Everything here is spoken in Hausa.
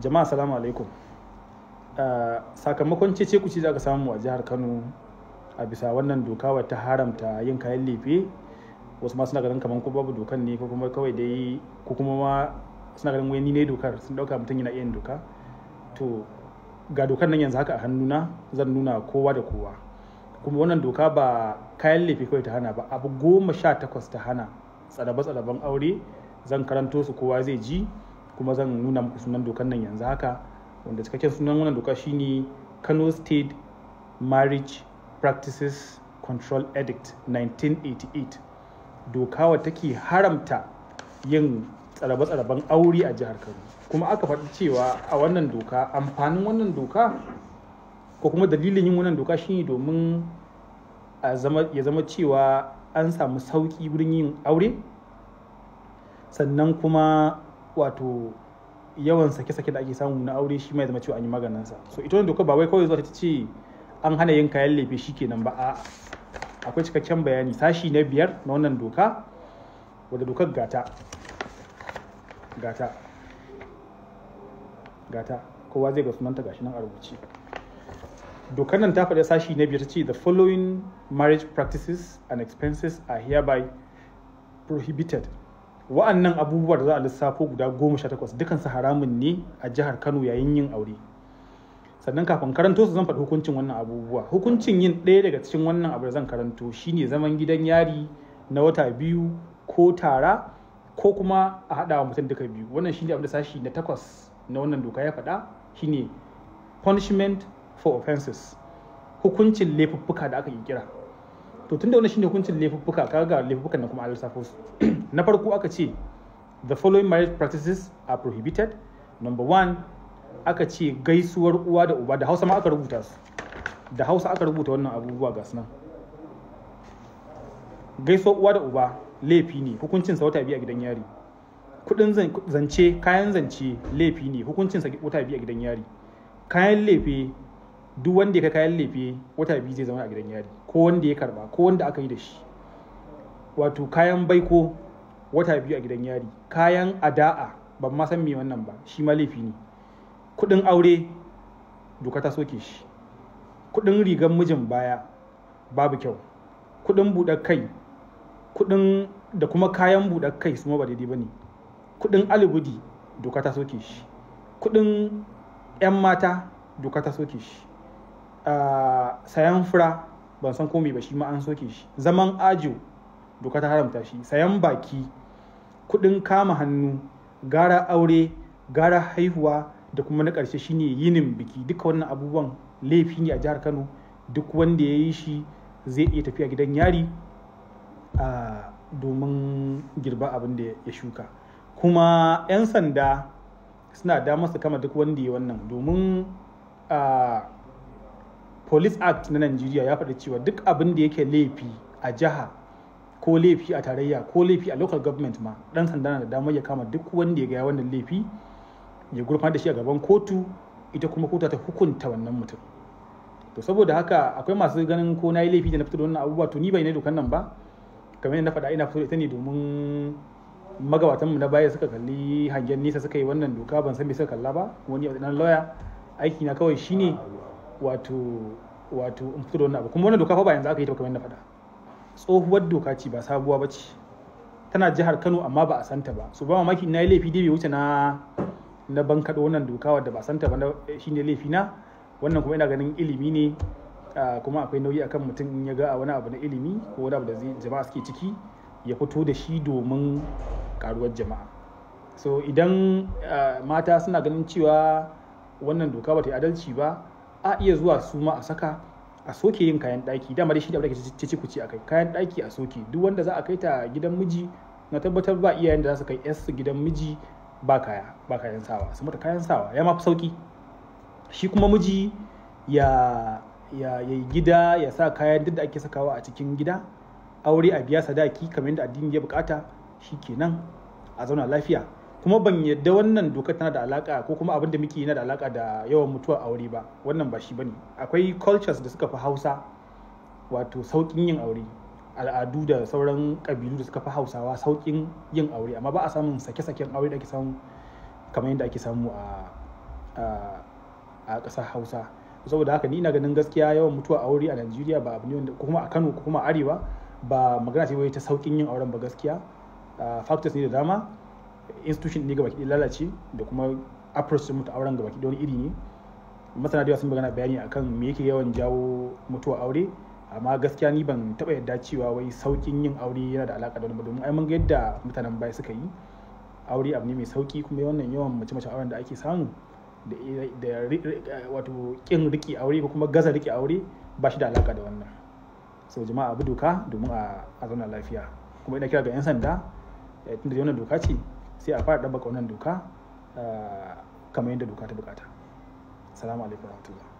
jama'a salamu alaikum ah, sakamakon cece kuci za ka samu a jihar kano a bisa wannan doka wata haramta yin kayan lefe wasu ma suna ganin kamar ko babu dokan ne ko kuma kawai dai ko kuma ma suna ganin wani ne dokar sun dauka mutum yana iya doka to ga dokar nan yanzu haka a hannuna zan nuna kowa da kowa kuma wannan doka ba kayan lefe kawai ta hana ba abu goma sha takwas ta hana tsarabe tsaraban aure zan karanto su kowa zai ji kuma zan nuna muku sunan dokar nan yanzu haka wanda cikakken sunan wannan doka shine Kano State Marriage Practices Control Edict 1988 doka wata take haramta yin tsarabe-tsaraben aure a jihar Kano kuma aka faɗi cewa a wannan doka amfanin wannan doka ko kuma dalilin yin wannan doka shine domin ya zama cewa an samu sauƙi wurin yin aure sannan kuma wato yawan sake-sake da ake samu na aure shi mai zama cewa an yi maganinsa so ita wani doka ba wai kawai zuwa ta ce an hana yin kayan lefe shi kenan ba a akwai cikakken bayani sashi na biyar na wannan doka wadda dokar gata gata gata kowa zai ga sunanta gashi nan a rubuce dokar nan ta faɗi sashi na biyar ta ce the following marriage practices and expenses are hereby prohibited wa'annan abubuwa da za a lissafo guda goma sha takwas dukansu haramun ne a jihar kano yayin yin aure sannan kafin karanto su zan faɗi hukuncin wannan abubuwa hukuncin yin ɗaya daga cikin wannan abu da zan karanto shine zaman gidan yari na wata biyu ko tara ko kuma a haɗa wa mutum duka biyu wannan shine abu da sashi na takwas na wannan doka ya faɗa shine punishment for offenses hukuncin laifuffuka da aka kira to tunda wannan shine hukuncin laifuffuka kaga ga laifuffukan na kuma a lissafo su na farko aka ce the following marriage practices are prohibited number one aka ce gaisuwar uwa da uba da hausa ma aka rubuta su da hausa aka rubuta wannan abubuwa ga sunan gaisuwar uwa da uba laifi ne hukuncinsa wata biyu a gidan yari kudin zance kayan zance laifi ne hukuncinsa wata biyu a gidan yari kayan laifi duk wanda ya kai kayan laifi wata biyu zai zama a gidan yari ko wanda ya karba ko wanda aka yi da shi wato kayan baiko wata biyu a gidan yari kayan ada'a ban ma san me wannan ba shi ma laifi ne kuɗin aure doka ta soke shi kuɗin rigan mijin baya babu kyau kuɗin buɗar kai kuɗin da kuma kayan buɗar kai su ma ba daidai ba ne kuɗin alibudi doka ta soke shi kuɗin 'yan mata doka ta soke shi ah, sayan fura ban san komai ba shi ma an soke shi zaman ajo doka ta haramta shi sayan baki kuɗin kama hannu gara aure gara haihuwa da kuma na ƙarshe shine yinin biki duka wannan abubuwan laifi ne a jihar kano duk wanda ya yi shi zai iya tafiya gidan yari domin girba abin da ya shuka kuma 'yan sanda suna damar su kama duk wanda ya wannan domin police act na najeriya ya faɗi cewa duk abin da yake laifi a jiha ko laifi a tarayya ko laifi a local government ma dan sanda na da damar ya kama duk wanda ya ga wannan laifi ya gurfa da shi a gaban kotu ita kuma kotu ta hukunta wannan mutum to saboda haka akwai masu ganin ko na yi laifi da na fito da wannan abubuwa to ni bai ne dokan nan ba kamar yadda na faɗa ina fito da ita ne domin mu na baya suka kalli hangen nisa suka yi wannan doka ban san me suka kalla ba wani yau dan lawyer aiki na kawai shine wato wato in fito da wannan abu kuma wannan doka fa ba yanzu aka yi ta kamar yadda faɗa tsohuwar doka ce ba sabuwa ba ce tana jihar kano amma ba a santa ba su ba mamaki na yi laifi dai bai wuce na na ban kaɗo wannan doka wadda ba santa ba shi ne laifi na wannan kuma ina ganin ilimi ne kuma akwai nauyi akan mutum in ya ga wani abu na ilimi ko wani abu da jama'a suke ciki ya fito da shi domin karuwar jama'a so idan mata suna ganin cewa wannan doka ba ta adalci ba a iya zuwa su ma a saka a soke yin kayan ɗaki dama dai shi da ake ci kuci a kai kayan daki a soke duk wanda za a kai ta gidan miji na tabbatar ba iyayen da za su kai su gidan miji ba kaya ba kayan sawa su mata kayan sawa ya ma sauki shi kuma miji ya ya yi gida ya sa kayan duk da ake sakawa a cikin gida aure a biya sadaki kamar yadda addini ya bukata shi kenan a zauna lafiya kuma ban yadda wannan doka tana da alaka ko kuma abin da muke yana da alaka da yawan mutuwar aure ba wannan ba shi bane akwai cultures da suka fi hausa wato saukin yin aure al'adu da sauran kabilu da suka fi hausawa saukin yin aure amma ba a samun sake-saken aure da ake samu kamar yadda ake samu a a ƙasar hausa saboda haka ni na ganin gaskiya yawan mutuwa aure a najeriya ba abu ne wanda kuma a kano kuma arewa ba magana ce ta saukin yin auren ba gaskiya ah, factors ne da dama institution ne baki lalace da kuma approach din mutu auren ga baki wani iri ne masana da sun magana bayani akan me yake yawan jawo mutuwa aure amma gaskiya ni ban taba yadda cewa wai saukin yin aure yana da alaka da wani domin ai mun ga yadda mutanen baya suka yi aure abu ne mai sauki kuma wannan yawan mace mace auren da ake samu da wato kin riki aure ko kuma gaza riki aure ba shi da alaka da wannan so jama'a abu doka domin a zauna lafiya kuma ina kira ga 'yan sanda eh, tunda wannan doka ce sai a fara ɗabaka wannan doka eh, kamar yadda doka ta bukata salamu alaikum wa rahmatullah